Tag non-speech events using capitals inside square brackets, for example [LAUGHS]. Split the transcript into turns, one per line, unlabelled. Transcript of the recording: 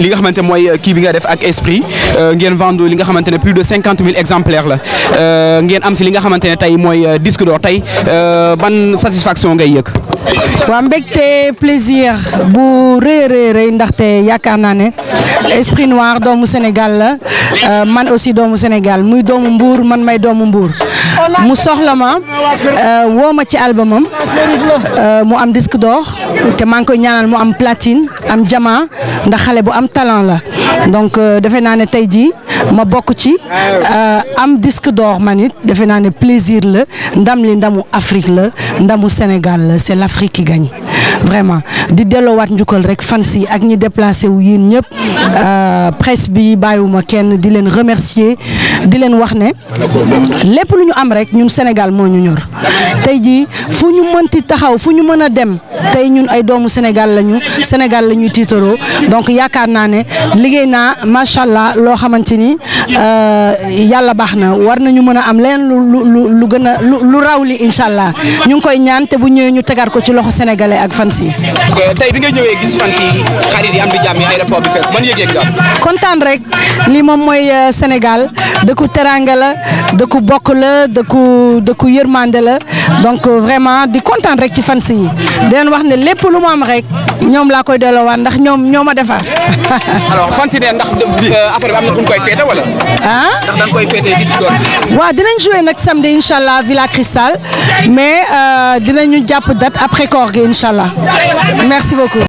Les nga qui ont fait bi esprit ils euh, vendre plus de 50 000 exemplaires la ont euh, am un li nga euh, disque satisfaction
waa plaisir bu rëy rëy rëy ndaxte Esprit Noir doomu Sénégal la euh, man aussi doomu Sénégal muy doomu Mbour man may doomu Mbour mu soxla ma euh, woo ma ci albumam euh, mu am disque d'or te man koy ñaanal mu am platine am diamant ndax xalé bu am talent la donc defé nané tay ji ma bokk ci am disque d'or manit, defé nané plaisir la ndam li ndamu Afrique la ndamu Sénégal la c'est l'Afrique qui gagne. vraiment di delloowaat njukkal rek fans yi ak ñi déplacé wu yéen ñëpp euh, presse bi bàyyiwuma kenn di leen remercier di leen wax ne lépp lu ñu am rek ñun Sénégal moo ñu ñor tey ji fu ñu mënti taxaw fu ñu mën a dem tey ñun ay doomu Sénégal lañu Sénégal la ñuy tiitaroo donc yaakaar naa ne liggéey naa macha allah loo xamante ni euh, yàlla baax na war nañu mën a am leen lu lu lu gën a lu raw li incha allah ñu koy ñaan te bu ñëwee ñu tegaat ko ci loxo sénégalais fan si.
bi nga ñëwee gis fan xarit yi am di jàmm aéroport bi fees ban yëg-yëg
nga rek li mom moy euh, Sénégal deku teraanga la deku bokk la deku deku yërmande la donc euh, vraiment di kontaan rek ci fan si yi di wax ne lépp lu mu am rek ñom la koy wa ndax ñom ñoma ma [LAUGHS]
alors fan si ndax euh, affaire bi am na fu koy fété wala. hein ndax da nga koy fété bis doon.
wa dinañ jouer nak samedi inshallah Villa Cristal mais euh dinañ ñu japp date après koor inshallah Merci beaucoup.